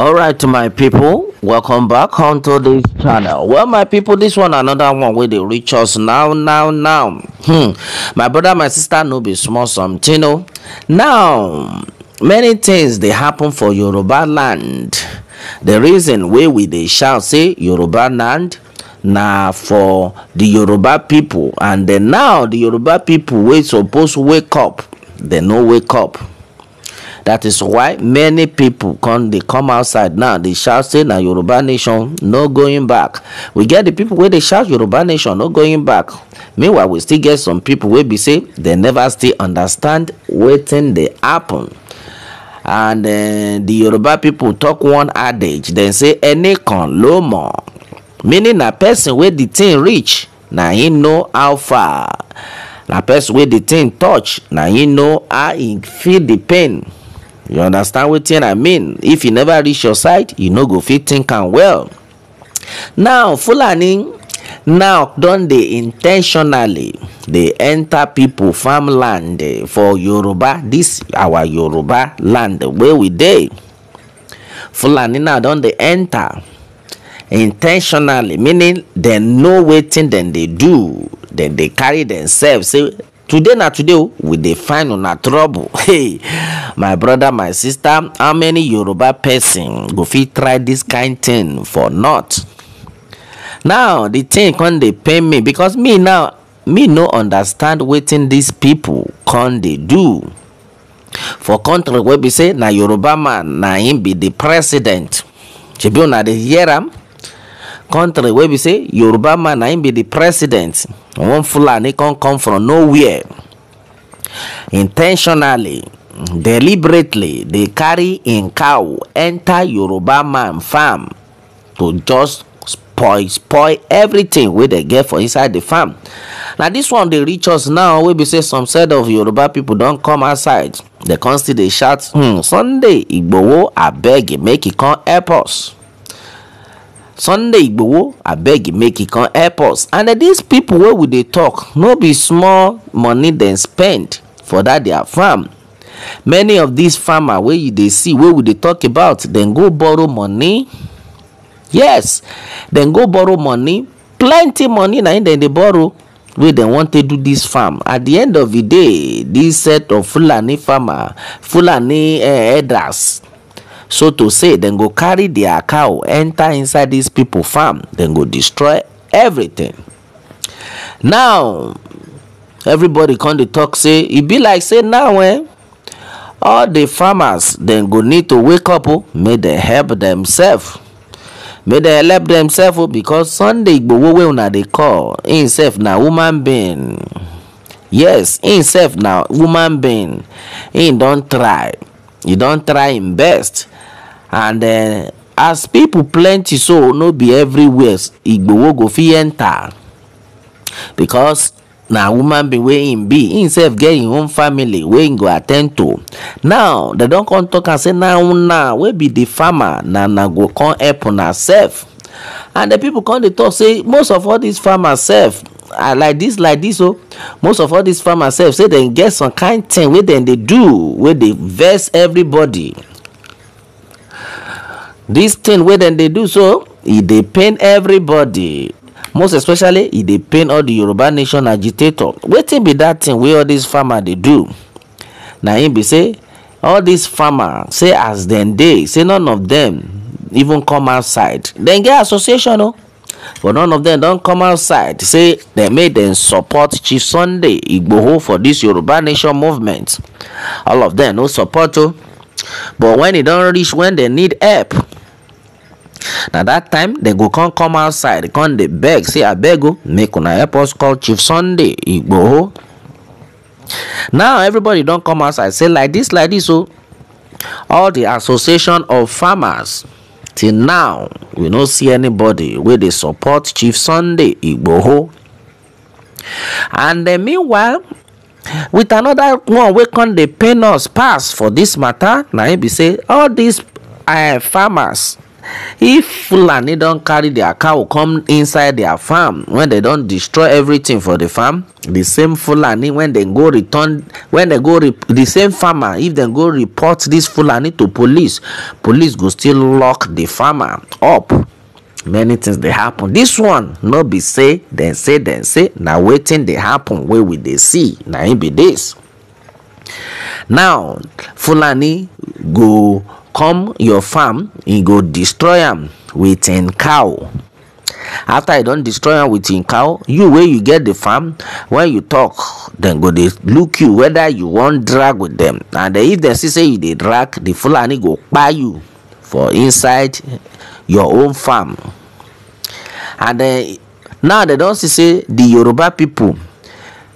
all right my people welcome back onto this channel well my people this one another one where they reach us now now now hmm my brother my sister no be small something You oh. know, now many things they happen for yoruba land the reason why we they shall say yoruba land Now for the yoruba people and then now the yoruba people wey suppose wake up They no wake up that is why many people come dey come outside now dey shout say na yoruba nation no going back we get the people wey dey shout yoruba nation no going back meanwhile we still get some people wey be say they never still understand wetin dey happen. and uh, the yoruba people talk one adage dem say "Any con lo more," meaning na person wey the thing reach na him know how far na person wey the thing touch na him know how e feel the pain you understand wetin i mean if you never reach your side you no go fit think am well now fulani now don dey intentionally dey enter pipo farmland for yoruba dis our yoruba land wey we dey fulani now don dey enter intentionally meaning dem know wetin dem dey do dem dey carry themselves say today na today oh, we dey find una trouble hey my brother my sister how many yoruba person go fit try this kind thing for north now the thing con dey pain me because me now me no understand wetin these people con dey do for country wey be say na yoruba man na him be the president shebi una dey hear am country wey be say yoruba man na him be the president one fulani come come from nowhere intentionally deliberately dey carry im cow enter yoruba man farm to just spoil spoil everything wey dem get for inside the farm na this one dey reach us now wey be say some set of yoruba people don come outside dem come still dey shout hmm sunday igbowo abeg make e come help us sunday igbowo abeg make e come help us and then dis pipo wey we dey tok no be small money dem spend for dat their farm many of dis farmer wey you dey see wey we dey talk about dem go borrow money yes dem go borrow money plenty money na im dem dey borrow wey dem wan take do dis farm at di end of di day dis set of fulani farmer fulani eh, herders so to say dem go carry their cow enter inside dis pipo farm dem go destroy everything now everybody come dey talk say e be like say now eh all the farmers dem go need to wake up o oh, make dem help themselves make dem help themselves o oh, because sunday igbowo wey una dey call himself na woman being yes himself na woman being him don try e don try im best and uh, as people plenty so no be everywhere igbowo go fit enter because na woman be wey im be himself get im own family wey im go attend to now dem don come talk am say na una wey be di farmer na na go come help una sef and the people come dey talk say most of all these farmers sef uh, ah, like this like this o oh, most of all these farmers sef say dem get some kind thing wey dem dey do wey dey vex everybody This thing where then they do so, it they pain everybody. Most especially, it they pain all the Yoruba nation agitator. Waiting be that thing where all these farmer they do. Now him be say, all these farmer say as then they say none of them even come outside. Then get association oh. but none of them don't come outside say they made them support chief sunday igboho for this yoruba nation movement all of them no support o oh. but it don't reach when they need help na that time dem go come come outside come dey beg say abeg o oh, make una help us call chief sunday igboho now everybody don come outside say like this, like this. o oh, all the association of farmers till now we no see anybody wey dey support chief sunday igboho and then meanwhile with another one wey come dey pain us pass for this matter. na im be say all dis eh, farmers if fulani don carry their cow come inside their farm when they don destroy everything for the farm the same fulani when dem go return when dem go the same farmer if dem go report this fulani to police police go still lock the farmer up many things dey happen This one no be say dem say dem say na wetin dey happen wey we dey see na im be this. now fulani go come your farm e go destroy am with him cow after e don destroy am with him cow you wey you get the farm when you talk dem go dey look you whether you wan drag with dem and if dem see say you dey drag the fulani go kpai you for inside your own farm and then now dem don see say the yoruba people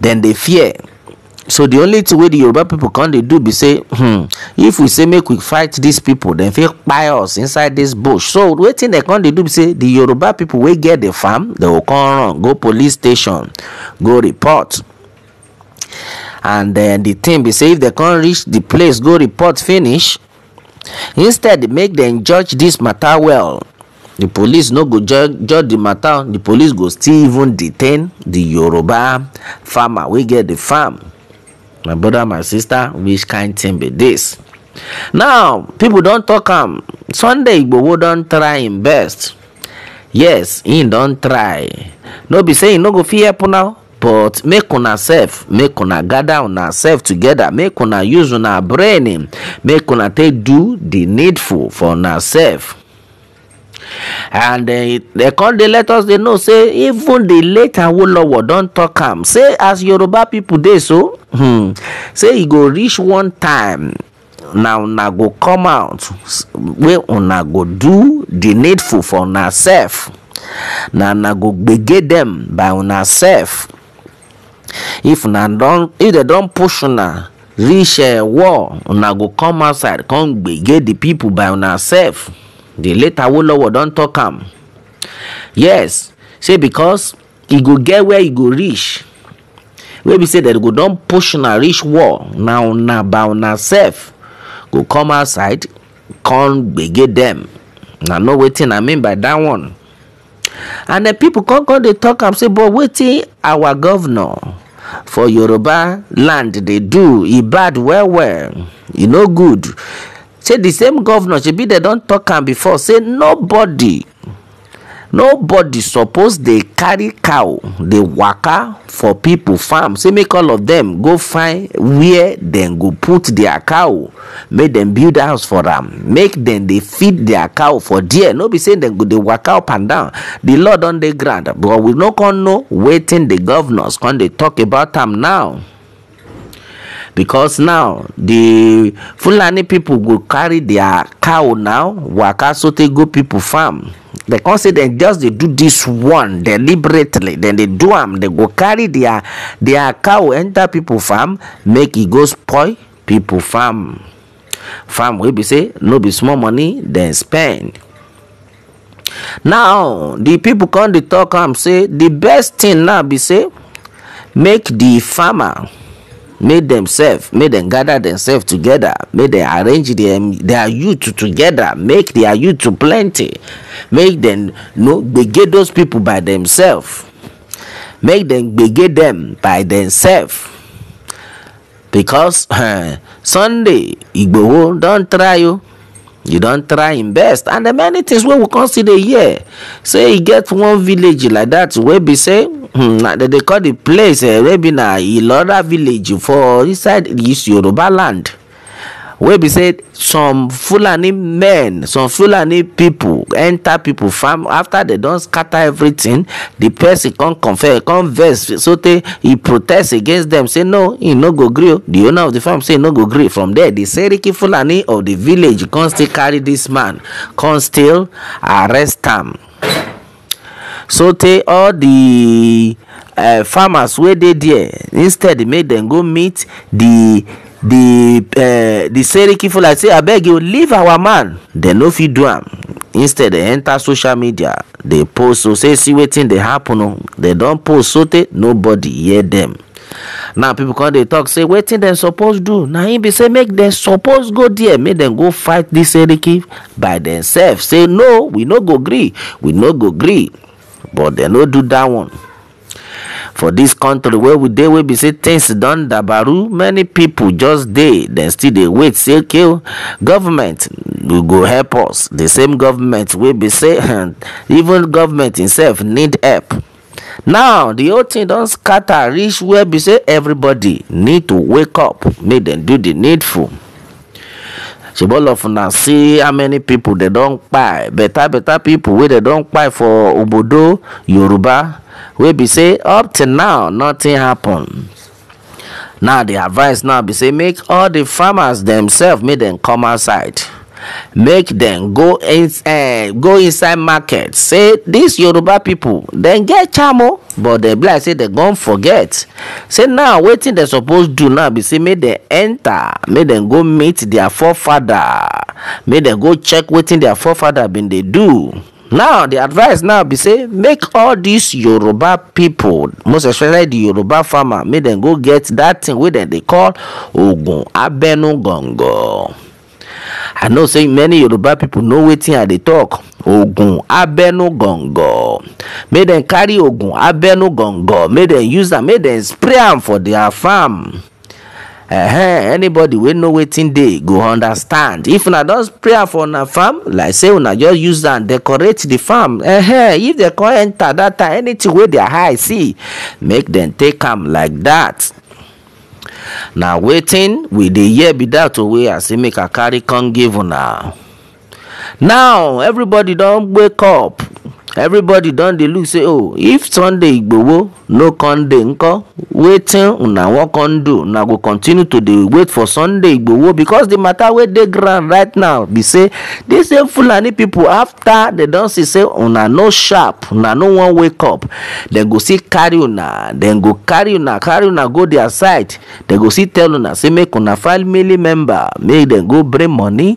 dem dey fear so the only thing wey di yoruba people come dey do be say hmm, if we say make we fight these people, dem fit kpai us inside this bush so wetin dem come dey do be say the yoruba people wey get the farm dem go come run go police station go report and then the thing be say if dem come reach the place go report finish instead make dem judge this matter well The police no go judge judge the matter The police go still even detain the yoruba farmer wey get the farm my brother my sister which kind thing be this now people don talk am sunday igbowo don try im best yes im don try no be say im no go fit help una but make una sef make una gather una sef together make una use una brain make una take do the needful for una sef and eh, they, come dey let us dey know say even the late awolowo don talk am say as yoruba people dey so hmm, say e go reach one time na una go come out wey una go do the needful for una sef na una go gbege dem by una sef if una don if dem don push una reach uh, war una go come outside come gbege di pipo by una sef di late awolowo don talk am yes say because e go get where e go reach wey be say dem go don push una reach wall na una by una sef go come outside come gbege dem na know wetin i mean by dat one and then pipo come come dey talk am say but wetin our governor for yoruba land dey do e bad well well e no good say di same govnor shebi dem don talk am before say nobody nobody suppose dey carry cow dey waka for people farm say make all of them go find where dem go put their cow make dem build house for am make dem dey feed their cow for there no be say dem go dey waka up and down the law don dey ground but we no come know wetin the governors come dey talk about am now because now the fulani people go carry their cow now waka sotey go people farm dem come say dem just they do this one deliberately Then they do them. They go carry their their cow enter people farm make it e go spoil people farm farm wey be say no be small money Then spend now the people come to talk am say the best thing now be say make the farmer made themselves, made them gather themselves together, made them arrange them, their youth together, make their youth to plenty, make them no know they get those people by themselves, make them they get them by themselves. Because uh, Sunday, Igbo don't try you. you don't try him best and the many things wey we consider here say e get one village like that where be say Hmm, na dem dey call the place eh, wey be na ilora village for inside east yoruba land wey be say some fulani men some fulani people, enter people farm after they don scatter everything The person come confess come vex sotey e protest against them. say no he no go gree o oh. di owner of the farm say e no go gree from there the seriki fulani of the village come still carry this man come still arrest am so tey all the uh, farmers wey dey there instead make dem go meet the the uh, the seriki fulani say abeg you leave our man dem no fit do am instead dem enter social media dey post so say see wetin dey happen o oh. dem don post So sotey nobody hear dem now people come dey talk say wetin dem suppose do na im be say make dem suppose go there make dem go fight dis eriki by themselves say no we no go gree we no go gree but dem no do dat one for dis country wey we dey wey be say tins don dabaru many pipo just dey dem still dey wait say okay oh, government go help us di same government wey be say even government himself need help now di whole tin don scatter reach where be say everybody need to wake up make dem do di needful shebi all of una see how many people dey don kpai better better people wey dey don kpai for obodo yoruba wey be say up till now nothing happen now the advice now be say make all the farmers themselves make them come outside make them go inside eh, go inside market say this yoruba people dem get charm o oh but dem be like say dem gon forget say now wetin dem suppose do now be say make dem enter make dem go meet dia forefather make dem go check wetin dia forefather bin dey do now the advice now be say make all these yoruba people most especially the yoruba farmer make dem go get that thing wey dem dey call ogun abenu gangan i know say many yoruba people know wetin i dey talk ogun abẹnú gọ̀ǹgọ̀ make dem carry ogun abẹnú gọ̀ǹgọ̀ make dem use am make dem spray am for their farm. Uh-huh. anybody wey know wetin dey go understand if una don spray am for una farm like say una just use am decorate the farm uh-huh. if dem come enter that time anything wey their eye see make dem take am like that. na wetin we dey hear be that o wey i say make i carry come give una now everybody don wake up everybody don dey look say oh if sunday igbowo no come dey nko wetin una wan come do una go continue to dey wait for sunday igbowo because the matter wey dey ground right now be say dis same fulani people after dem don see say una no sharp una no wan wake up dem go still carry una dem go carry una carry una go their side dem go still tell una say make una file family member make dem go bring money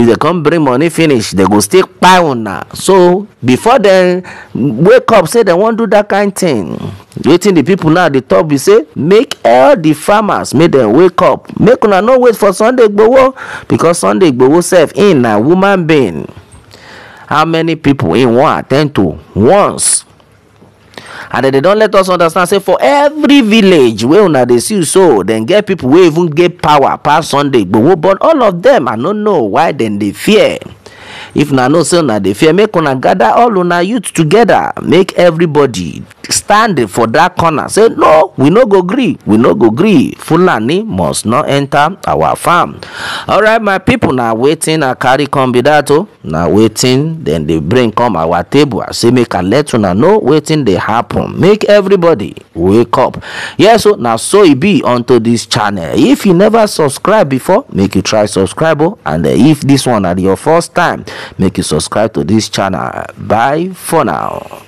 if they come bring money finish They go still kpai una so before dem wake up say dem wan do dat kind thing wetin di pipo now dey talk be say make all di farmers make dem wake up make una no wait for sunday igbowo because sunday igbowo sef im na woman being how many pipo im wan attend to once and they don let us understand say for every village wey una dey see so dem get people wey even get power pass sunday igbowo but all of dem i no know why dem dey fear if una know say una dey fear make una gather all una youth together make everybody stand for dat corner say no we no go gree we no go gree fulani must not enter our farm alright my pipo na wetin i carry come be dat o oh. na wetin dem dey bring come our table i say make i let una know wetin dey happen make everybody wake up yes o oh, na so e be unto dis channel if you never subscribe before make you try subscribe o oh. and eh, if dis one na your first time make you subscribe to this channel bye for now